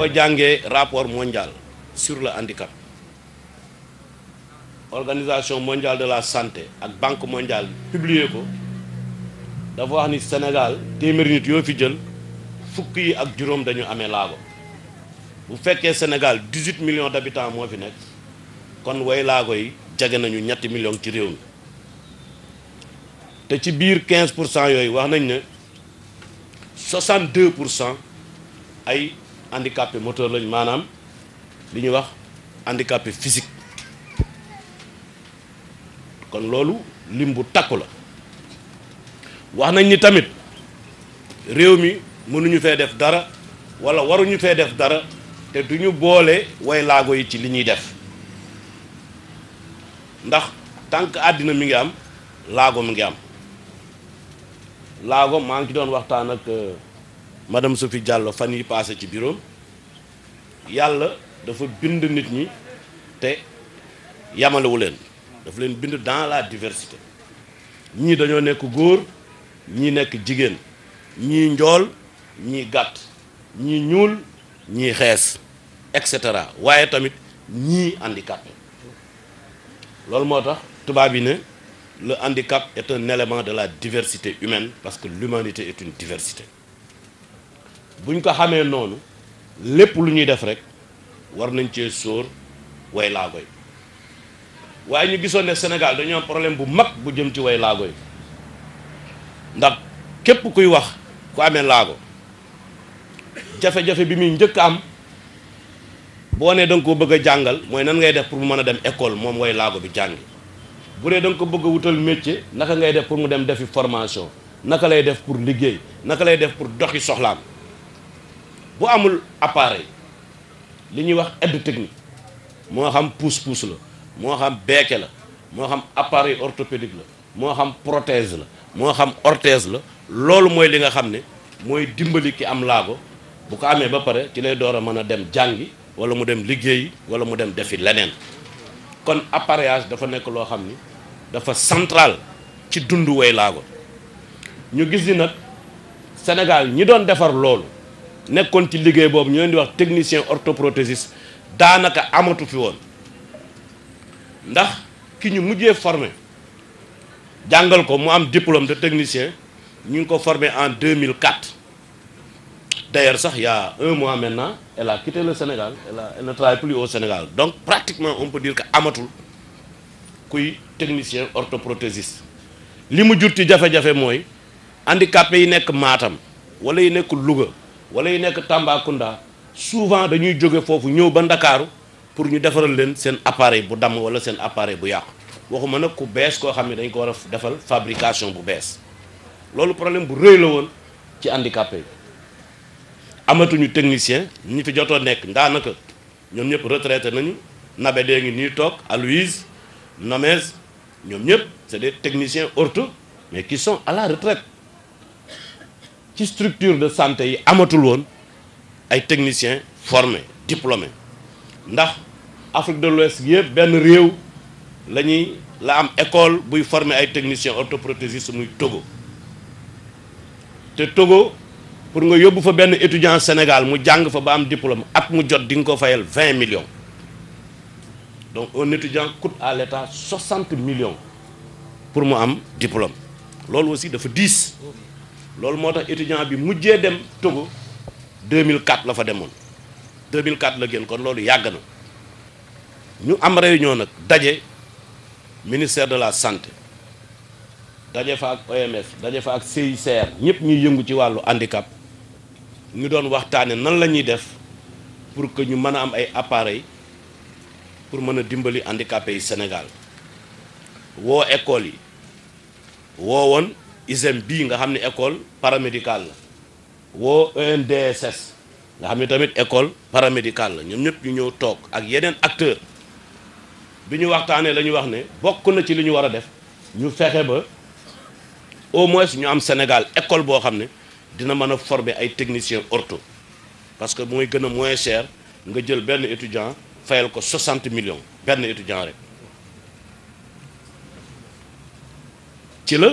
Le rapport mondial sur le handicap organisation mondiale de la santé la banque mondiale publié ko dafa wax Sénégal téeméeri nit de fi jël et qui ak juróom dañu amee laago bu Le Sénégal 18 millions d'habitants moo fi nekk kon way laago yi jege nañu millions de réew mi te 15 yoy wax nañ 62 ay. handicapé moteur lañ maanaam li ñuy wax handicapé physique kon loolu lim bu takku la wax nañ ni tamit réew mi mënuñu fee def dara wala waruñu fee def dara te du ñu boole way laago yi ci li ñuy def ndax tànk àddina mi ngi am laago mu ngi am laago maa ngi ci doon waxtaan ak. Euh, madame Sophie Diallo fanny passe passé ci bureau de dafa bind nit ñi te yamalewu leen dafa bind dans la diversité Ni dañoo ne góor ni nek jigéen ni injol, ni gat, ni nul, ni xees etc. Ouais tamit ñii handicap. loolu moo tax bien. le handicap est un élément de la diversité humaine parce que l'humanité est une diversité bu ñu ko xamee noonu lépp lu ñuy def rek war nañ cee sóor way laago yi waaye ñu gisoon ne senegal dañu am problème bu mag bu jëm ci woy laago yi ndax képp kuy wax ku amee laago jafe-jafe bi muy njëkk am boo nee da ko bëgg a jàngal mooy nan ngay def pour mu mën a dem école moom way laago bi jàngi bu dee danga ko bëgg wutal métier naka ngay def pour mu dem defi formation naka lay def pour liggéey naka lay def pour doxi soxlaam bu amul appareil li ñuy wax aide technique moo xam pousse-pousse la moo xam beeke la moo xam appareil orthopédique la moo xam prothèse la moo xam orthèse la loolu mooy li nga xam ne mooy dimbali ki am laago bu ko amee ba pare ci lay door a mën a dem jàngi wala mu dem liggéeyi wala mu dem defi leneen kon appareillage dafa nekk loo xam ni dafa central ci dundu way laago ñu gis ni nag Sénégal ñi doon defar loolu nekkoon ci liggéey boobu ñu leen di wax technicien orthoprothésiste daanaka amatu fi woon ndax ki ñu mujjee formé jàngal ko mu am diplôme de technicien ñu ngi ko formé en 2004 mille sax il sax yaa un mois maintenant elle a quitté le Sénégal elle a elle ne travaille Sénégal donc pratiquement on peut dire que amatul kuy technicien orthoprothésiste li mu jur ci jafe-jafe mooy handicapé yi nekk maatam wala yi nekk Louga. wala yu nekk Tambacounda souvent dañuy jóge foofu ñëw ba Ndakaaru pour ñu defaral leen seen appareil bu dam wala seen appareil bu yàqu waxuma nag ku bees koo xam ne dañ ko war a defal fabrication bu bees loolu problème bu rëy la woon ci handicapé yi amatuñu technicien ñi fi jotoo nekk daanaka ñoom ñëpp retraité nañu nabe dee ngi nii toog Aloïse Namès ñoom ñëpp c'est des techniciens ortho mais qui sont à la retraite ci structure de santé yi amatul won ay techniciens formés diplômés ndax Afrique de l'Ouest yeb ben rew lañuy la am école buy former ay techniciens orthoprothésistes muy Togo te Togo pour nga fa étudiant Sénégal mu jang fa ba diplôme at mu jot ding 20 millions donc un étudiant coûte à l'État 60 millions pour mu am diplôme C'est aussi dafa 10 loolu moo tax étudiant bi mujjee dem Togo 2004 la fa demoon deux 2004 la génn kon loolu yàgg na ñu am réunion nag daje ministère de la santé daje fa ak OMS daje fa ak CICR ñëpp ñuy yëngu ci wàllu handicap ñu doon waxtaane nan la ñuy def pour que ñu mën a am ay appareil pour mën a dimbali handicapé yi Sénégal woo école yi woo woon ISEM bii nga xamné école paramédicale wo ENDSS nga xamné tamit école paramédicale ñom ñoom ñu ñëw tok ak yeneen acteur bi ñu waxtaanee wax ne bokku na ci li ñu war def ñu fexé ba au moins ñu am Sénégal école bo xamné dina mëna former ay technicien ortho parce que moy gëna moins cher nga jël ben étudiant fayal ko 60 millions ben étudiant rek ci la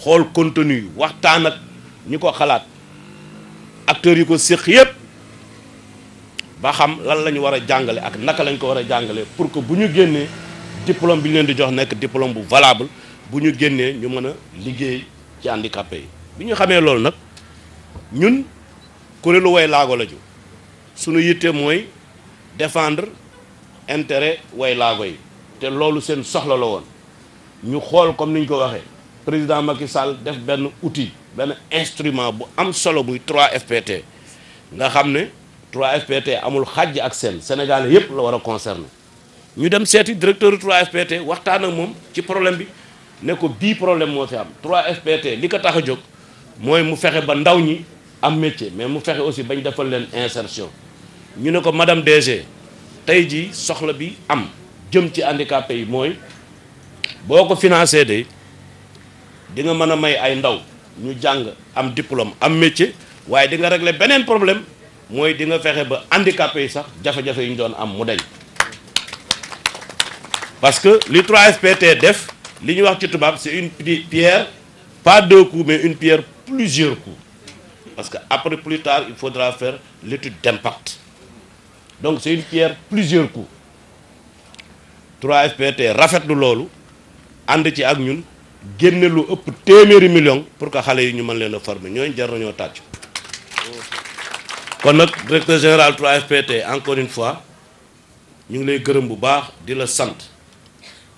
xool contenu yu waxtaan ak ñi ko xalaat acteurs yi ko séq yépp ba xam lan la ñu war a jàngale ak naka lañ ko war a jàngale pour ko bu ñu génnee diplôme bi ñu leen di jox nekk diplôme bu valable bu ñu génnee ñu mën a liggéey ci handicapé yi bi ñu xamee loolu nag ñun kuréelu woy laago la ju suñu yitte mooy defendre intérêt way laago yi te loolu seen soxla la woon ñu xool comme ni ñu ko waxee président Macky Sall def benn outil benn instrument bu am solo muy 3FPT nga xam ne 3FPT amul xàjj ak seen Sénégal yépp la war a concerné ñu dem seeti directeur trois fpt waxtaan ak moom ci problème bi ne ko bii problème moo fi am trois fpt li ko tax a jóg mooy mu fexe ba ndaw ñi am métier mais mu fexe aussi bañ defal leen insertion ñu ne ko madame DG tey jii soxla bi am jëm ci handicapé yi mooy boo ko financé de di nga mën a may ay ndaw ñu jàng am diplôme am métier waaye di nga régler beneen problème mooy di fexe ba handicapé yi sax jafe-jafe yi ñu doon am mu dañ parce que li trois fpt def li ñuy wax ci tubaab c'est une pierre pas deux coups mais une pierre plusieurs coups parce que après plus tard il faudra faire l'étude d'impact donc c'est une pierre plusieurs coups 3FPT lu loolu ànd ci ak ñun génne lu ëpp téeméeri million pour que xale yi ñu mën leen a former ñooñu jar nañoo kon nag directeur général trois fpt encore une fois ñu ngi lay gërëm bu baax di la sant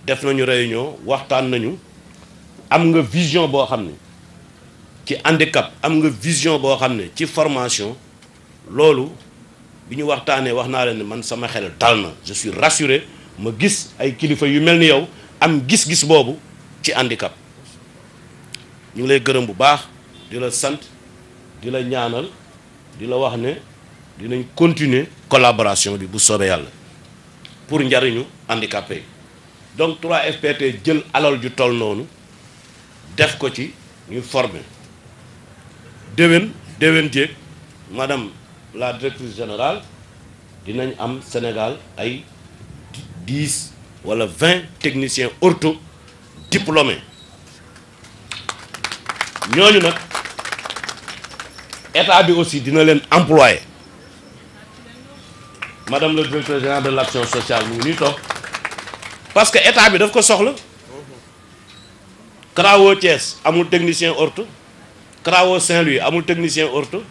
def nañu réunion waxtaan nañu am nga vision boo xam ne ci handicap am nga vision boo xam ne ci formation loolu bi ñu waxtaanee wax naa leen ne man sama xel dal na je suis rassuré ma gis ay kilifa yu mel ni yow am gis-gis boobu ci handicap ñu lay gërëm bu baax di la sant di la ñaanal di la wax ne dinañ continuer collaboration bi bu soobee yàlla pour njariñu handicapé donc 3FPT jël alal ju tol noonu def ko ci ñu former déwén déwén jéeg madame la directrice générale dinañ am Sénégal ay 10 wala 20 techniciens ortho diplômés Nous sommes aussi dina leen employé madame le directeur général de l'action sociale nous sommes parce que état bi daf ko soxla Krao Thiès amul technicien ortho Saint-Louis amul technicien ortho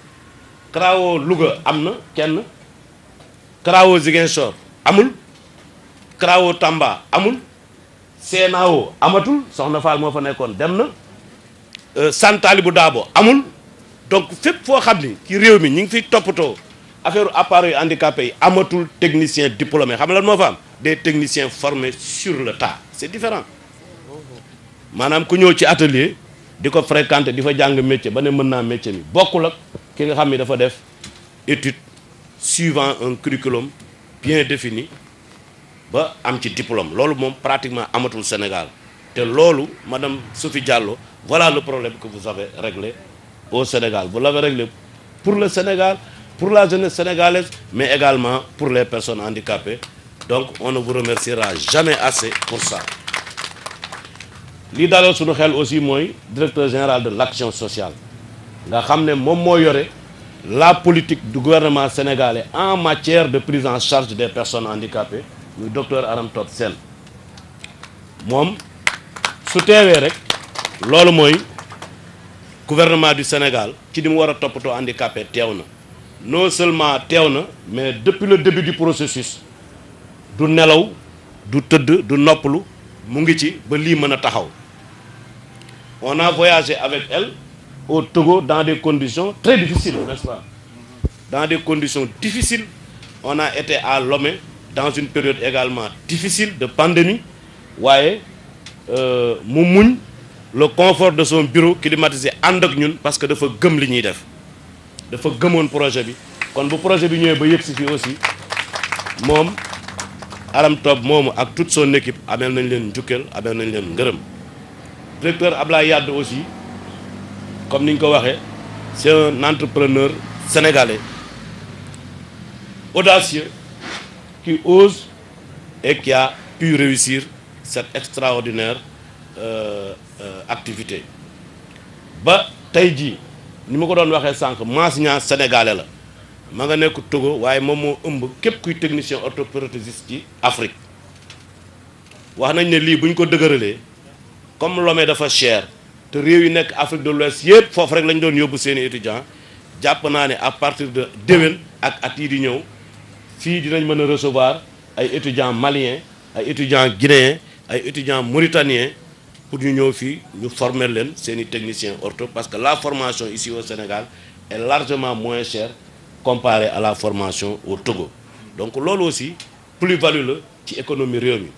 Krao Louga amna kenn CRAO Ziguinchor amul Krao Tamba amul CNAO amatul soxna Fall moo fa nekkoon dem na euh, amul donc fépp foo qui ni ci réew mi ñu ngi fiy toppatoo affaire appareil handicapé amatul technicien diplômé xam des techniciens formés sur le tas C'est différent Madame ku ci atelier di ko fréquenter di fa jàng métier ba ne métier mi bokkul ak ki nga dafa suivant un curriculum bien défini ba am ci diplôme Lolo moom pratiquement le Sénégal té lolo madame Sophie Diallo voilà le problème que vous avez réglé au Sénégal vous l'avez réglé pour le Sénégal pour la jeunesse sénégalaise mais également pour les personnes handicapées donc on ne vous remerciera jamais assez pour ça li dalal aussi directeur général de l'action sociale nga la politique du gouvernement sénégalais en matière de prise en charge des personnes handicapées le docteur Aram Totsel, Je moom le rek gouvernement du Sénégal qui nous a handicapé non seulement teew mais depuis le début du processus du nelaw du tëdd du gens qui ont ci on a voyagé avec elle au Togo dans des conditions très difficiles n'est-ce pas dans des conditions difficiles on a été à Lomé dans une période également difficile de pandémie Euh, mu le confort de son bureau climatisé ànd ñun parce que dafa gëm li de def dafa gëmoon projet bi kon bu projet bi ñëwee ba yëg si aussi mom Aram Top mom ak toute son équipe amel nañ leen njukkeel ameel nañ leen ngeureum directeur Ablaye aussi comme niñ ko waxé c'est un entrepreneur sénégalais audacieux qui ose et qui a pu réussir cette extraordinaire euh, euh, activité ba tey jii ni ma ko doon waxee sànq Massignan sénégalais la ma nga nekk Togo waaye moom moo ëmb képp kuy technicien orthoprothésiste ci Afrique wax nañ ne lii buñ ko dëgëralee comme Lomé dafa cher te réew yi nekk Afrique de l'Ouest yëpp foofu rek lañ doon yóbbu seeni étudiants jàpp naa ne à partir de déwén ak at yii di ñëw si dinañ mën recevoir ay étudiants maliens ay étudiants guinéens ay étudiants mauritaniens pour ñu ñëw fi former leen techniciens ortho parce que la formation ici au Sénégal est largement moins chère comparée à la formation au Togo donc loolu aussi plus-value la ci économie réew mi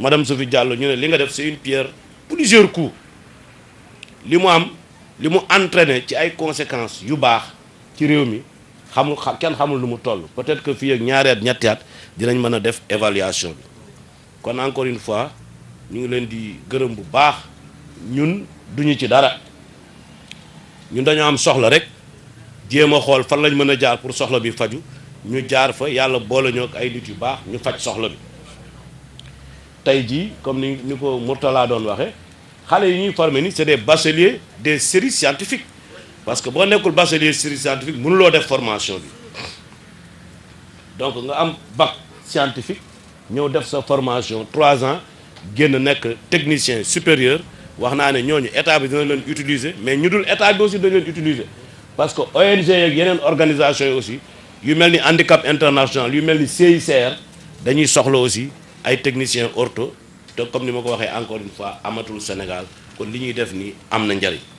madame Sophie Diallo ñu c'est une pierre plusieurs coups li mu am li mu entraîné ci ay conséquences yu baax ci mi xamul xa kenn xamul lu mu toll peut-être que fii ak ñaari at ñetti at dinañ mën a def évaluation bi kon encore une fois ñu ngi leen di gërëm bu baax ñun duñu ci dara ñun dañoo am soxla rek jéem a xool fan lañ mën a jaar pour soxla bi faju ñu jaar fa yàlla boole ñoo ay nit yu baax ñu faj soxla bi tey jii comme ni ni ko laa doon waxee xale yi ñuy formé ni c'est des bacheliers des séries scientifiques parce que si on nekkul bachelier série scientifique pas de formation Donc, donc a un bac scientifique a def sa formation trois ans a un technicien supérieur on a un état bi dina mais ñu dul état aussi dañ leen utiliser parce que l'ONG a une organisation aussi yu a un handicap international yu mel ni CICR dañuy ont aussi un technicien ortho Donc, comme je le encore une fois amatul Sénégal kon li ñuy def nii